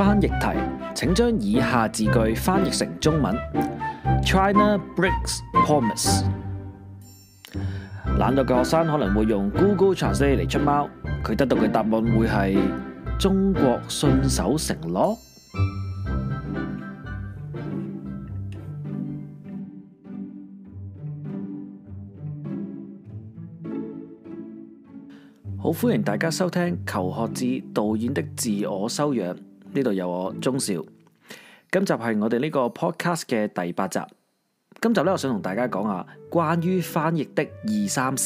翻譯題，請將以下字句翻譯成中文：China breaks promise。懶惰嘅學生可能會用 Google Translate 嚟出貓，佢得到嘅答案會係中國信守承諾。 好，歡迎大家收聽《求學志》導演的自我修養。呢度有我鍾少，今集係我哋呢個 podcast 嘅第八集。今集呢，我想同大家講下關於翻譯的二三事。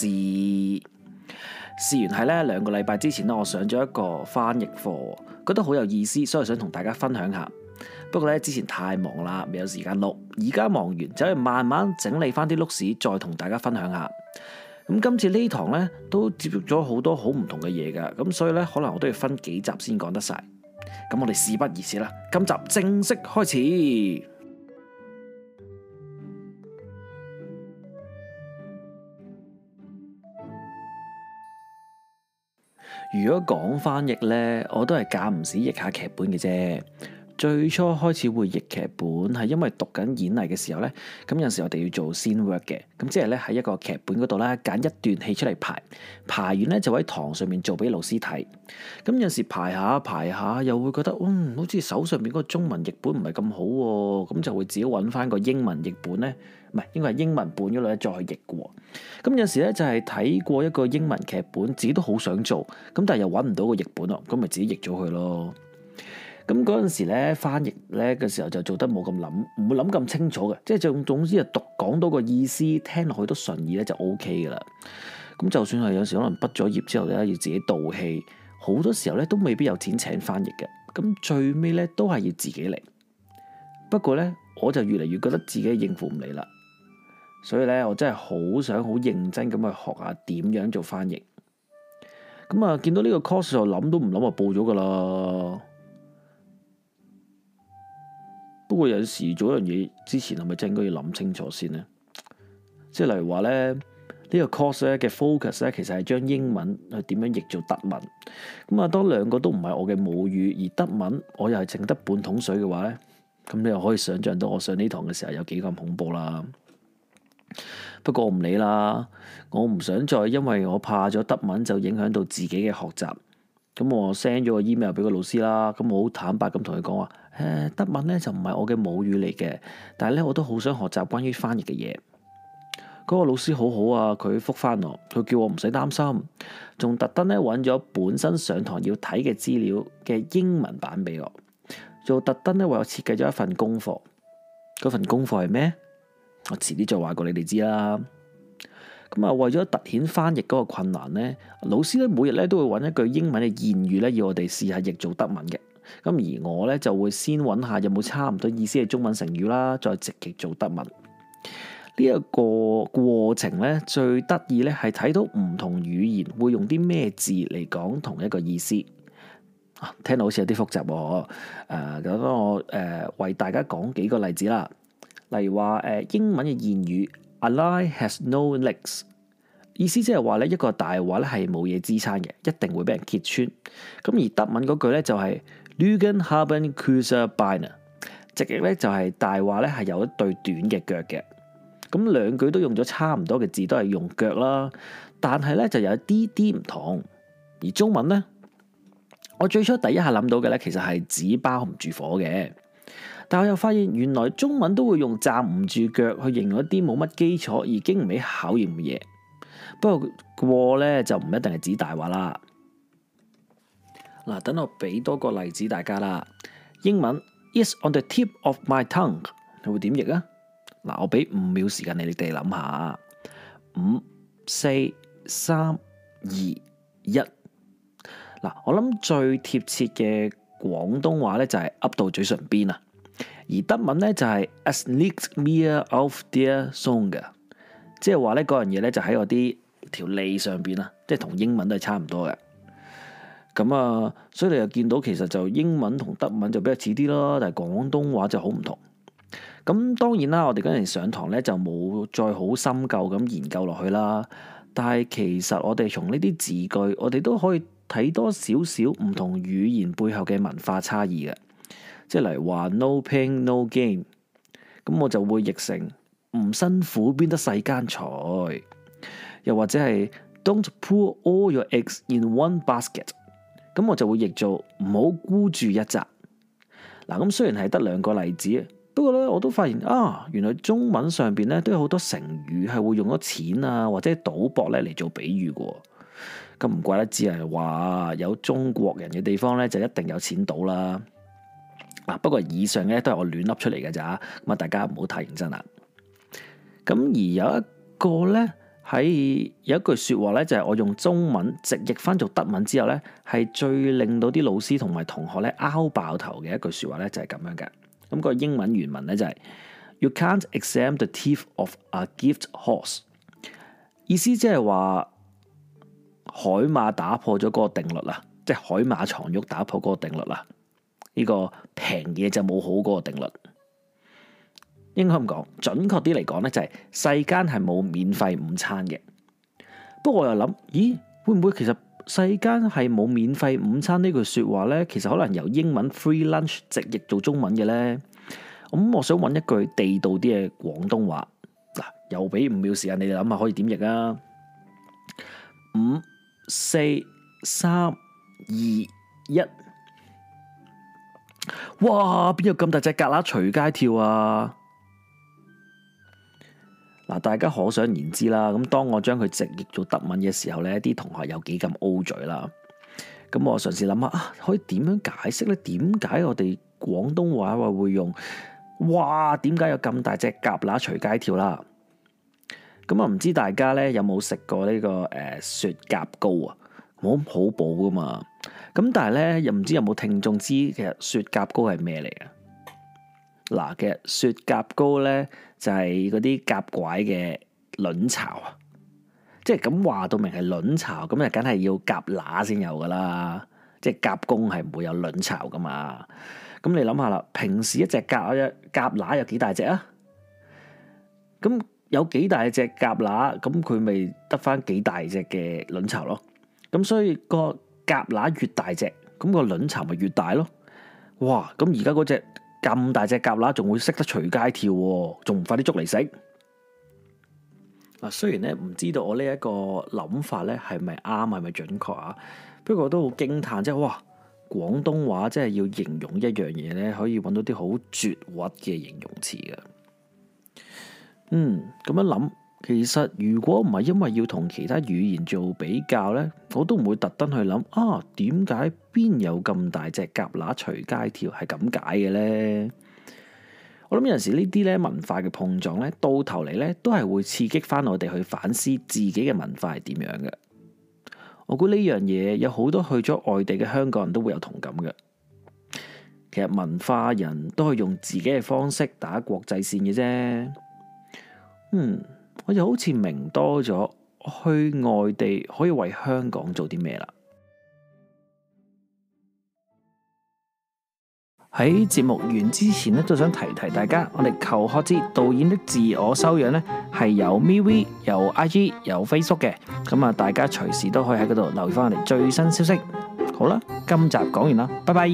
事源係呢兩個禮拜之前咧，我上咗一個翻譯課，覺得好有意思，所以想同大家分享下。不過呢，之前太忙啦，未有時間錄，而家忙完走去慢慢整理翻啲碌史，再同大家分享下。咁今次呢堂呢，都接觸咗好多好唔同嘅嘢噶，咁所以呢，可能我都要分幾集先講得晒。咁我哋事不宜遲啦，今集正式開始。 如果講翻譯呢，我都係間唔時譯下劇本嘅啫。最初開始會譯劇本係因為讀緊演藝嘅時候咧，咁有時我哋要做 scene work 嘅，咁即係咧，喺一個劇本嗰度咧，揀一段戲出嚟排，排完咧就喺堂上面做俾老師睇。咁有時排下排下又會覺得嗯，好似手上邊嗰個中文譯本唔係咁好喎，咁就會自己揾返個英文譯本咧，唔係，應該係英文本嗰度咧再去譯嘅喎。咁有時咧就係睇過一個英文劇本，自己都好想做，咁但係又揾唔到個譯本咯，咁咪自己譯咗佢咯。咁嗰陣時咧，翻譯咧嘅時候就做得冇咁諗，唔會諗咁清楚嘅，即係總總之啊，讀講到個意思，聽落去都順意咧就 O K 嘅啦。咁就算係有時可能畢咗業之後咧，要自己導戲，好多時候咧都未必有錢請翻譯嘅。咁最尾咧都係要自己嚟。不過咧，我就越嚟越覺得自己應付唔嚟啦，所以咧我真係好想好認真咁去學下點樣做翻譯。咁啊，見到呢個 course 就諗都唔諗啊，報咗噶啦。不過有時做一樣嘢之前係咪真應該要諗清楚先呢？即係例如話咧，呢個 course 嘅 focus 咧，其實係將英文去點樣譯做德文。咁啊，當兩個都唔係我嘅母語，而德文我又係整得半桶水嘅話呢，咁你又可以想象到我上呢堂嘅時候有幾咁恐怖啦。不過我唔理啦，我唔想再因為我怕咗德文就影響到自己嘅學習。咁我 send 咗個 email 俾個老師啦，咁我好坦白咁同佢講話，德文咧就唔係我嘅母語嚟嘅，但係咧我都好想學習關於翻譯嘅嘢。嗰個老師好好啊，佢覆翻我，佢叫我唔使擔心，仲特登咧揾咗本身上堂要睇嘅資料嘅英文版俾我，仲特登咧為我設計咗一份功課。嗰份功課係咩？我遲啲再話過你哋知啦。咁啊，為咗突顯翻譯嗰個困難咧，老師咧每日咧都會揾一句英文嘅諺語咧，要我哋試下譯做德文嘅。咁而我咧就會先揾下有冇差唔多意思嘅中文成語啦，再直譯做德文。呢、這、一個過程咧，最得意咧係睇到唔同語言會用啲咩字嚟講同一個意思。啊、聽到好似有啲複雜、啊、誒、呃，咁我誒為大家講幾個例子啦。例如話誒、呃、英文嘅諺語。A lie has no legs，意思即係話咧一個大話咧係冇嘢支撐嘅，一定會俾人揭穿。咁而德文嗰句咧就係 Lügen haben kurze Beine，直譯咧就係大話咧係有一對短嘅腳嘅。咁兩句都用咗差唔多嘅字，都係用腳啦。但係咧就有啲啲唔同。而中文咧，我最初第一下諗到嘅咧，其實係紙包唔住火嘅。但我又發現，原來中文都會用站唔住腳去形容一啲冇乜基礎，而經唔起考驗嘅嘢。不過過咧就唔一定係指大話啦。嗱，等我俾多個例子大家啦。英文 It's on the tip of my tongue，你會點譯啊？嗱，我俾五秒時間你哋諗下，五四三二一。嗱，我諗最貼切嘅廣東話咧就係噏到嘴唇邊啊！而德文咧就係、是、Es liegt mir auf der Zunge 嘅，即係話咧嗰樣嘢咧就喺我啲條脷上邊啦，即係同英文都係差唔多嘅。咁啊，所以你又見到其實就英文同德文就比較似啲咯，但係廣東話就好唔同。咁當然啦，我哋嗰陣上堂咧就冇再好深究咁研究落去啦。但係其實我哋從呢啲字句，我哋都可以睇多少少唔同語言背後嘅文化差異嘅。即係嚟話 no pain no gain，咁我就會譯成唔辛苦邊得世間財，又或者係 don't pull all your eggs in one basket，咁我就會譯做唔好孤注一擲。嗱，咁雖然係得兩個例子，不過咧我都發現啊，原來中文上邊咧都有好多成語係會用咗錢啊或者賭博咧嚟做比喻嘅。咁唔怪得只係話有中國人嘅地方咧就一定有錢賭啦。嗱，不過以上咧都係我亂凹出嚟嘅咋，咁啊大家唔好太認真啦。咁而有一個咧，喺有一句説話咧，就係我用中文直譯翻做德文之後咧，係最令到啲老師同埋同學咧拗爆頭嘅一句説話咧，就係咁樣嘅。咁個英文原文咧就係、是、You can't examine the teeth of a gift horse，意思即係話海馬打破咗嗰個定律啦，即係海馬床褥打破嗰個定律啦。呢個平嘢就冇好嗰個定律，應該咁講。準確啲嚟講呢，就係世間係冇免費午餐嘅。不過我又諗，咦，會唔會其實世間係冇免費午餐呢句説話呢？其實可能由英文 free lunch 直譯做中文嘅呢。咁我想揾一句地道啲嘅廣東話。嗱，又俾五秒時間你哋諗下，可以點譯啊？五四三二一。哇！邊有咁大隻蛤乸隨街跳啊？嗱，大家可想而知啦。咁當我將佢直譯做德文嘅時候呢，啲同學有幾咁 O 嘴啦。咁我嘗試諗下啊，可以點樣解釋呢？點解我哋廣東話話會用？哇！點解有咁大隻蛤乸隨街跳啦？咁啊，唔知大家呢有冇食過呢、這個誒、呃、雪蛤膏啊？我好補噶嘛。咁但係咧，又唔知有冇聽眾知其實雪蛤膏係咩嚟啊？嗱，其實雪蛤膏咧就係嗰啲蛤拐嘅卵巢啊，即係咁話到明係卵巢咁，就梗係要蛤乸先有㗎喇，即係蛤公係唔會有卵巢㗎嘛。咁你諗下啦，平時一隻蛤啊，隻蛤乸有幾大隻啊？咁有幾大隻蛤乸，咁佢咪得返幾大隻嘅卵巢咯？咁所以個。夾乸越大隻，咁個卵巢咪越大咯。哇！咁而家嗰隻咁大隻夾乸仲會識得隨街跳，仲唔快啲捉嚟食？嗱，雖然咧唔知道我呢一個諗法咧係咪啱，係咪準確啊？不過都好驚嘆，即係哇！廣東話即係要形容一樣嘢咧，可以揾到啲好絕核嘅形容詞嘅。嗯，咁樣諗。其實，如果唔係因為要同其他語言做比較呢，我都唔會特登去諗啊。點解邊有咁大隻蛤乸隨街跳係咁解嘅呢？我諗有陣時呢啲咧文化嘅碰撞呢，到頭嚟呢都係會刺激翻我哋去反思自己嘅文化係點樣嘅。我估呢樣嘢有好多去咗外地嘅香港人都會有同感嘅。其實文化人都係用自己嘅方式打國際線嘅啫，嗯。我就好似明多咗，去外地可以為香港做啲咩啦？喺 節目完之前呢，都想提提大家，我哋求學之導演的自我修養呢，係由 MV、由 IG、由 Facebook 嘅，咁啊，大家隨時都可以喺嗰度留意返我哋最新消息。好啦，今集講完啦，拜拜。